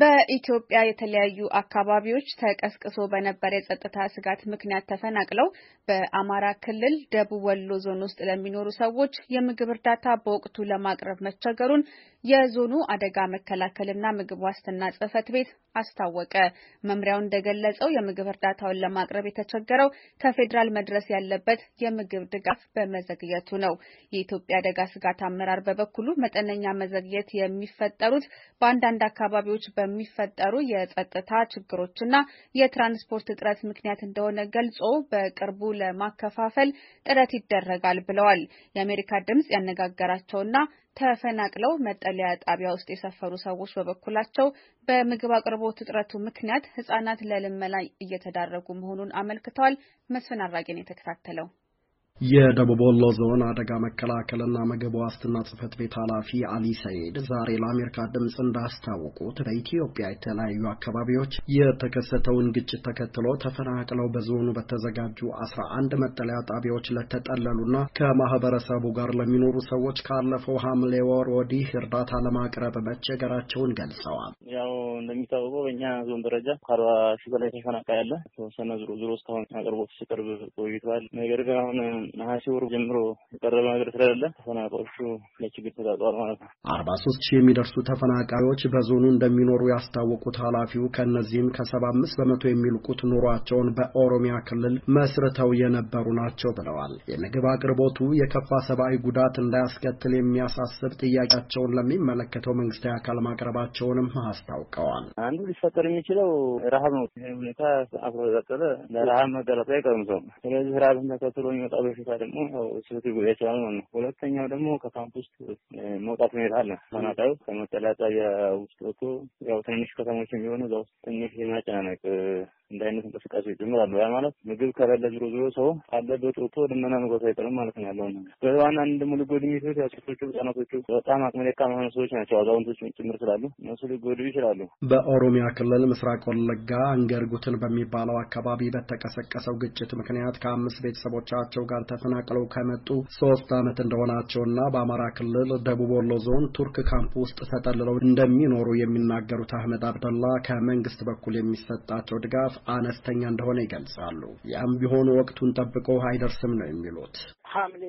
በኢትዮጵያ የተለያዩ አካባቢዎች ተቀስቅሶ በነበረ የጸጥታ ስጋት ምክንያት ተፈናቅለው በአማራ ክልል ደቡብ ወሎ ዞን ውስጥ ለሚኖሩ ሰዎች የምግብ እርዳታ በወቅቱ ለማቅረብ መቸገሩን የዞኑ አደጋ መከላከልና ምግብ ዋስትና ጽህፈት ቤት አስታወቀ። መምሪያው እንደገለጸው የምግብ እርዳታውን ለማቅረብ የተቸገረው ከፌዴራል መድረስ ያለበት የምግብ ድጋፍ በመዘግየቱ ነው። የኢትዮጵያ አደጋ ስጋት አመራር በበኩሉ መጠነኛ መዘግየት የሚፈጠሩት በአንዳንድ አካባቢዎች በሚፈጠሩ የጸጥታ ችግሮችና የትራንስፖርት እጥረት ምክንያት እንደሆነ ገልጾ በቅርቡ ለማከፋፈል ጥረት ይደረጋል ብለዋል። የአሜሪካ ድምጽ ያነጋገራቸውና ተፈናቅለው መጠለያ ጣቢያ ውስጥ የሰፈሩ ሰዎች በበኩላቸው በምግብ አቅርቦት እጥረቱ ምክንያት ህጻናት ለልመና እየተዳረጉ መሆኑን አመልክተዋል። መስፍን አራጌን የተከታተለው የደቡብ ወሎ ዞን አደጋ መከላከልና ምግብ ዋስትና ጽህፈት ቤት ኃላፊ አሊ ሰይድ ዛሬ ለአሜሪካ ድምፅ እንዳስታወቁት በኢትዮጵያ የተለያዩ አካባቢዎች የተከሰተውን ግጭት ተከትሎ ተፈናቅለው በዞኑ በተዘጋጁ አስራ አንድ መጠለያ ጣቢያዎች ለተጠለሉና ከማህበረሰቡ ጋር ለሚኖሩ ሰዎች ካለፈው ሐምሌ ወር ወዲህ እርዳታ ለማቅረብ መቸገራቸውን ገልጸዋል። ያው እንደሚታወቀው በእኛ ዞን ደረጃ ከአርባ ሺህ በላይ ተፈናቃይ ተወሰነ ዝሮ ዝሮ እስካሁን አቅርቦት ሲቀርብ ቆይቷል። ነገር ግን አሁን ነሐሴ ወር ጀምሮ የቀረበ ነገር ስለሌለ ተፈናቃዮቹ ለችግር ተጋጧል ማለት ነው። አርባ ሶስት ሺህ የሚደርሱ ተፈናቃዮች በዞኑ እንደሚኖሩ ያስታወቁት ኃላፊው ከእነዚህም ከሰባ አምስት በመቶ የሚልቁት ኑሯቸውን በኦሮሚያ ክልል መስርተው የነበሩ ናቸው ብለዋል። የምግብ አቅርቦቱ የከፋ ሰብአዊ ጉዳት እንዳያስከትል የሚያሳስብ ጥያቄያቸውን ለሚመለከተው መንግስታዊ አካል ማቅረባቸውንም አስታውቀዋል። አንዱ ሊፈጠር የሚችለው ረሃብ ነው። ይህ ሁኔታ አብሮ ቀጠለ ለረሃብ መጋለጡ አይቀርም ሰው ስለዚህ ረሃብን ተከትሎ የሚመጣ በሽታ ደግሞ ስብት ማለት ነው። ሁለተኛው ደግሞ ከካምፕ ውስጥ መውጣት ሁኔታ አለ። ተፈናቃዩ ከመጠለያ ጣቢያ ውስጥ ወጥቶ ያው ትንንሽ ከተሞች የሚሆኑ እዛ ውስጥ ትንሽ የማጨናነቅ እንደ አይነት እንቅስቃሴዎች ይጀምራሉ። ያ ማለት ምግብ ከሌለ ዞሮ ዞሮ ሰው ካለበት ወጥቶ ልመና መግባት አይቀርም ማለት ነው ያለው ነገር። በዋናነት ደግሞ ሊጎዱ የሚችሉት ያሴቶቹ፣ ህጻናቶቹ በጣም አቅመ ደካማ የሆኑ ሰዎች ናቸው። አዛውንቶች ጭምር ስላሉ እነሱ ሊጎዱ ይችላሉ። በኦሮሚያ ክልል ምስራቅ ወለጋ አንገርጉትን በሚባለው አካባቢ በተቀሰቀሰው ግጭት ምክንያት ከአምስት ቤተሰቦቻቸው ጋር ተፈናቅለው ከመጡ ሶስት ዓመት እንደሆናቸውና በአማራ ክልል ደቡብ ወሎ ዞን ቱርክ ካምፕ ውስጥ ተጠልለው እንደሚኖሩ የሚናገሩት አህመድ አብደላ ከመንግስት በኩል የሚሰጣቸው ድጋፍ አነስተኛ እንደሆነ ይገልጻሉ። ያም ቢሆን ወቅቱን ጠብቆ አይደርስም ነው የሚሉት። ሐምሌ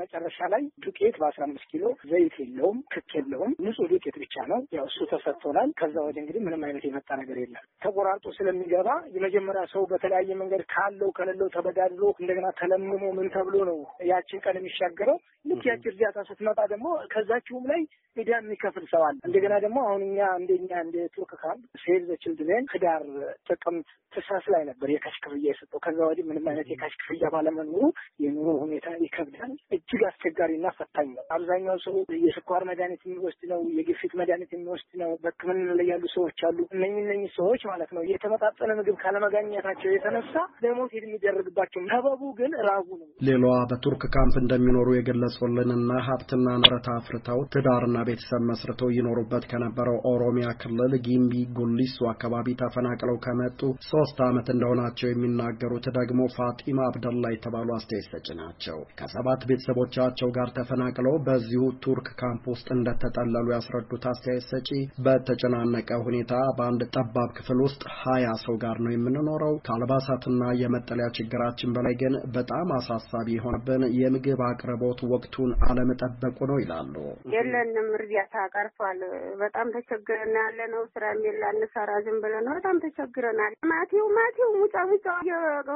መጨረሻ ላይ ዱቄት በአስራ አምስት ኪሎ ዘይት የለውም፣ ክክ የለውም፣ ንጹህ ዱቄት ብቻ ነው። ያው እሱ ተሰጥቶናል። ከዛ ወዲ እንግዲህ ምንም አይነት የመጣ ነገር የለም። ተቆራርጦ ስለሚገባ የመጀመሪያ ሰው በተለያየ መንገድ ካለው ከሌለው ተበዳድሮ እንደገና ተለምሞ ምን ተብሎ ነው ያችን ቀን የሚሻገረው። ልክ ያቺ እርዳታ ስትመጣ ደግሞ ከዛችሁም ላይ ሚዲያ የሚከፍል ሰው አለ። እንደገና ደግሞ አሁን እኛ እንደኛ እንደ ቱርክ ካምፕ ሴቭ ዘ ችልድሬን ህዳር፣ ጥቅምት፣ ትሳስ ላይ ነበር የካሽ ክፍያ የሰጠው። ከዛ ወዲህ ምንም አይነት የካሽ ክፍያ ባለመኖሩ የኑሮ ሁኔታ ሁኔታ ይከብዳል። እጅግ አስቸጋሪና ፈታኝ ነው። አብዛኛው ሰው የስኳር መድኃኒት የሚወስድ ነው፣ የግፊት መድኃኒት የሚወስድ ነው። በሕክምና ላይ ያሉ ሰዎች አሉ። እነኝ እነኝ ሰዎች ማለት ነው የተመጣጠነ ምግብ ካለመጋኘታቸው የተነሳ ለሞት የሚደረግባቸው ሰበቡ ግን ራቡ ነው። ሌላዋ በቱርክ ካምፕ እንደሚኖሩ የገለጹልንና ሀብትና ንብረት አፍርተው ትዳርና ቤተሰብ መስርተው ይኖሩበት ከነበረው ኦሮሚያ ክልል ጊምቢ ጉሊሱ አካባቢ ተፈናቅለው ከመጡ ሶስት ዓመት እንደሆናቸው የሚናገሩት ደግሞ ፋጢማ አብደላ የተባሉ አስተያየት ሰጭ ናቸው። ናቸው። ከሰባት ቤተሰቦቻቸው ጋር ተፈናቅለው በዚሁ ቱርክ ካምፕ ውስጥ እንደተጠለሉ ያስረዱት አስተያየት ሰጪ በተጨናነቀ ሁኔታ በአንድ ጠባብ ክፍል ውስጥ ሀያ ሰው ጋር ነው የምንኖረው። ከአልባሳትና የመጠለያ ችግራችን በላይ ግን በጣም አሳሳቢ የሆነብን የምግብ አቅርቦት ወቅቱን አለመጠበቁ ነው ይላሉ። የለንም፣ እርዳታ ቀርቷል። በጣም ተቸግረና ያለ ነው። ስራ የሚላ እንሰራ ዝም ብለን በጣም ተቸግረናል። ማቴው ማቴው ሙጫ ሙጫ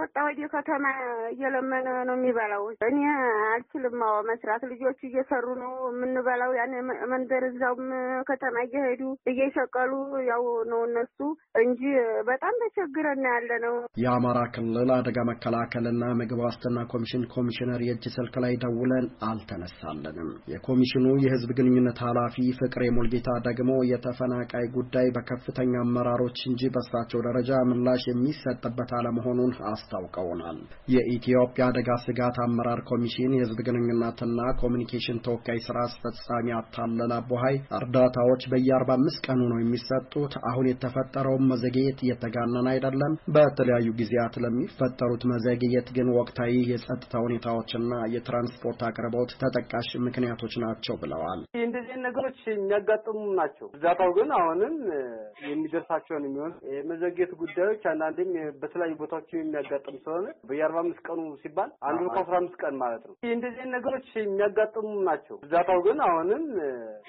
ወጣ ወደ ከተማ እየለመነ ነው የሚበላው እኔ አልችልም መስራት። ልጆቹ እየሰሩ ነው የምንበላው። ያን መንደር እዛውም ከተማ እየሄዱ እየሸቀሉ ያው ነው እነሱ እንጂ በጣም ተቸግረና ያለ ነው። የአማራ ክልል አደጋ መከላከልና ምግብ ዋስትና ኮሚሽን ኮሚሽነር የእጅ ስልክ ላይ ደውለን አልተነሳለንም። የኮሚሽኑ የህዝብ ግንኙነት ኃላፊ ፍቅሬ ሙልጌታ ደግሞ የተፈናቃይ ጉዳይ በከፍተኛ አመራሮች እንጂ በእሳቸው ደረጃ ምላሽ የሚሰጥበት አለመሆኑን አስታውቀውናል። የኢትዮጵያ አደጋ ስጋት አመራር አመራር ኮሚሽን የህዝብ ግንኙነትና ኮሚኒኬሽን ተወካይ ስራ አስፈጻሚ አታለላ ቦሀይ እርዳታዎች በየአርባ አምስት ቀኑ ነው የሚሰጡት። አሁን የተፈጠረውን መዘግየት እየተጋነን አይደለም። በተለያዩ ጊዜያት ለሚፈጠሩት መዘግየት ግን ወቅታዊ የጸጥታ ሁኔታዎችና የትራንስፖርት አቅርቦት ተጠቃሽ ምክንያቶች ናቸው ብለዋል። እንደዚህ ነገሮች የሚያጋጥሙ ናቸው። እርዳታው ግን አሁንም የሚደርሳቸውን የሚሆን የመዘግየት ጉዳዮች አንዳንዴም በተለያዩ ቦታዎች የሚያጋጥም ስለሆነ በየአርባ አምስት ቀኑ ሲባል አንዱ ከአስራ አምስት ቀን ማለት ነው። እንደዚህ ነገሮች የሚያጋጥሙ ናቸው። እርዳታው ግን አሁንም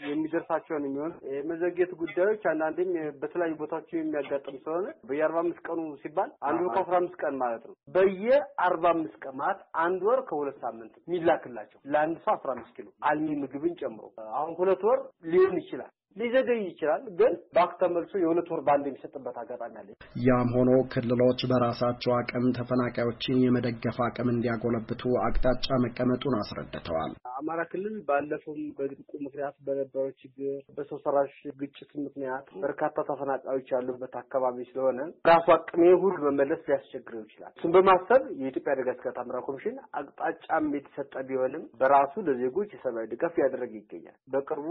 የሚደርሳቸውን የሚሆን የመዘግየት ጉዳዮች አንዳንዴም በተለያዩ ቦታዎች የሚያጋጥም ስለሆነ በየአርባ አምስት ቀኑ ሲባል አንድ ወር ከአስራ አምስት ቀን ማለት ነው። በየአርባ አምስት ቀማት አንድ ወር ከሁለት ሳምንት የሚላክላቸው ለአንድ ሰው አስራ አምስት ኪሎ አልሚ ምግብን ጨምሮ አሁን ሁለት ወር ሊሆን ይችላል። ሊዘገይ ይችላል፣ ግን ባክ ተመልሶ የሁለት ወር ባንድ የሚሰጥበት አጋጣሚ አለ። ያም ሆኖ ክልሎች በራሳቸው አቅም ተፈናቃዮችን የመደገፍ አቅም እንዲያጎለብቱ አቅጣጫ መቀመጡን አስረድተዋል። አማራ ክልል ባለፈው በድርቁ ምክንያት በነበረው ችግር፣ በሰው ሰራሽ ግጭት ምክንያት በርካታ ተፈናቃዮች ያሉበት አካባቢ ስለሆነ ራሱ አቅሜ ሁሉ መመለስ ሊያስቸግረው ይችላል። እሱን በማሰብ የኢትዮጵያ አደጋ ስጋት አመራር ኮሚሽን አቅጣጫም የተሰጠ ቢሆንም በራሱ ለዜጎች የሰብአዊ ድጋፍ እያደረገ ይገኛል። በቅርቡ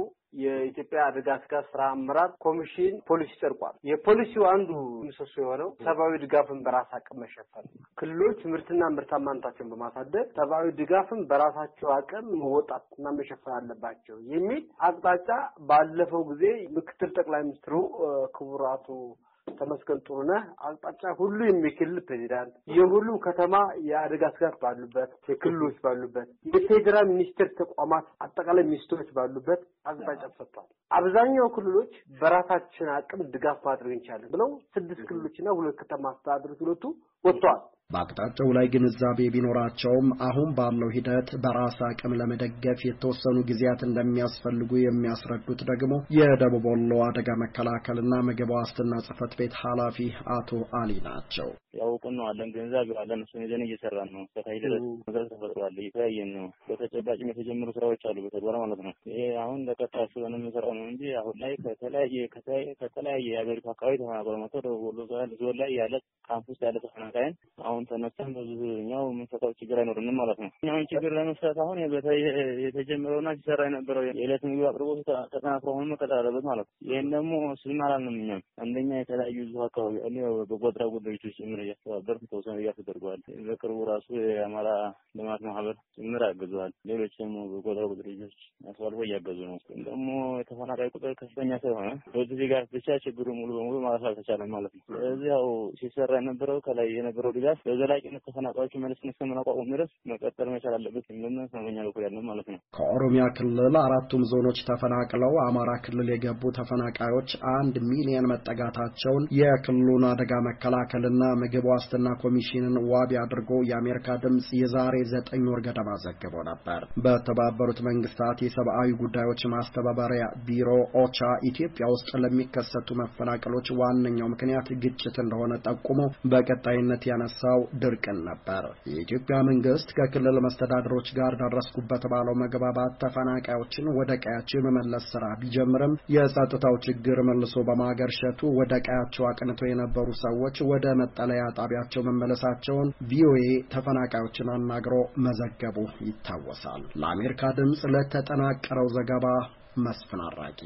የኢትዮጵያ አደጋ እስከ ስራ አመራር ኮሚሽን ፖሊሲ ጸድቋል። የፖሊሲው አንዱ ምሰሶ የሆነው ሰብአዊ ድጋፍን በራስ አቅም መሸፈን፣ ክልሎች ምርትና ምርታማነታቸውን በማሳደግ ሰብአዊ ድጋፍን በራሳቸው አቅም መወጣትና መሸፈን አለባቸው የሚል አቅጣጫ ባለፈው ጊዜ ምክትል ጠቅላይ ሚኒስትሩ ክቡር አቶ ተመስገን ጥሩነህ አቅጣጫ ሁሉ የሚክልል ፕሬዚዳንት የሁሉም ከተማ የአደጋ ስጋት ባሉበት የክልሎች ባሉበት የፌዴራል ሚኒስቴር ተቋማት አጠቃላይ ሚኒስትሮች ባሉበት አቅጣጫ ተሰጥቷል። አብዛኛው ክልሎች በራሳችን አቅም ድጋፍ ማድረግ እንችላለን ብለው ስድስት ክልሎችና ሁለት ከተማ አስተዳደሮች ሁለቱ ወጥተዋል። በአቅጣጫው ላይ ግንዛቤ ቢኖራቸውም አሁን ባለው ሂደት በራስ አቅም ለመደገፍ የተወሰኑ ጊዜያት እንደሚያስፈልጉ የሚያስረዱት ደግሞ የደቡብ ወሎ አደጋ መከላከልና ምግብ ዋስትና ጽሕፈት ቤት ኃላፊ አቶ አሊ ናቸው። ያውቁን ነው አለን ግንዛቤ አለን። እሱን ይዘን እየሰራን ነው። በታይ ድረስ መድረስ ተፈጥሯል። እየተያየን ነው። በተጨባጭም የተጀመሩ ስራዎች አሉ፣ በተግባር ማለት ነው። ይሄ አሁን ለቀጣይ ስለሆነ የምንሰራው ነው እንጂ አሁን ላይ ከተለያየ ከተለያየ የሀገሪቱ አካባቢ ተፈናቅሎ መጥቶ ደቡብ ወሎ ዞን ላይ ያለ ካምፕ ውስጥ ያለ ተፈናቃይን አሁን አሁን ተነስተን በብዙኛው የምንፈታው ችግር አይኖርንም ማለት ነው። እኛውን ችግር ለመስራት አሁን የተጀመረውና ሲሰራ የነበረው የዕለት ምግብ አቅርቦት ተጠናክሮ አሁን መቀጠል አለበት ማለት ነው። ይህን ደግሞ ስልም አላልንም። እኛም አንደኛ የተለያዩ ዙ አካባቢ ያሉ በጎ አድራጎት ድርጅቶች ጭምር እያስተባበር ተወሰኑ ድጋፍ ተደርገዋል። በቅርቡ ራሱ የአማራ ልማት ማህበር ጭምር አግዘዋል። ሌሎች ደግሞ በጎ አድራጎት ድርጅቶች አስባልፎ እያገዙ ነው። ደግሞ ተፈናቃይ ቁጥር ከፍተኛ ስለሆነ በጊዜ ጋር ብቻ ችግሩ ሙሉ በሙሉ ማለፍ አልተቻለም ማለት ነው። ስለዚህ ያው ሲሰራ የነበረው ከላይ የነበረው ድጋፍ በዘላቂነት ተፈናቃዮች መልስን እስከምናቋቁም ድረስ መቀጠል መቻል አለበት የሚል በኛ በኩል ያለ ማለት ነው። ከኦሮሚያ ክልል አራቱም ዞኖች ተፈናቅለው አማራ ክልል የገቡ ተፈናቃዮች አንድ ሚሊየን መጠጋታቸውን የክልሉን አደጋ መከላከልና ምግብ ዋስትና ኮሚሽንን ዋቢ አድርጎ የአሜሪካ ድምፅ የዛሬ ዘጠኝ ወር ገደማ ዘግቦ ነበር። በተባበሩት መንግስታት የሰብአዊ ጉዳዮች ማስተባበሪያ ቢሮ ቢሮ ኦቻ ኢትዮጵያ ውስጥ ለሚከሰቱ መፈናቀሎች ዋነኛው ምክንያት ግጭት እንደሆነ ጠቁሞ በቀጣይነት ያነሳው ድርቅን ነበር። የኢትዮጵያ መንግስት ከክልል መስተዳድሮች ጋር ደረስኩበት ባለው መግባባት ተፈናቃዮችን ወደ ቀያቸው የመመለስ ስራ ቢጀምርም የጸጥታው ችግር መልሶ በማገርሸቱ ወደ ቀያቸው አቅንተው የነበሩ ሰዎች ወደ መጠለያ ጣቢያቸው መመለሳቸውን ቪኦኤ ተፈናቃዮችን አናግሮ መዘገቡ ይታወሳል። ለአሜሪካ ድምፅ ለተጠናቀረው ዘገባ መስፍን አራቂ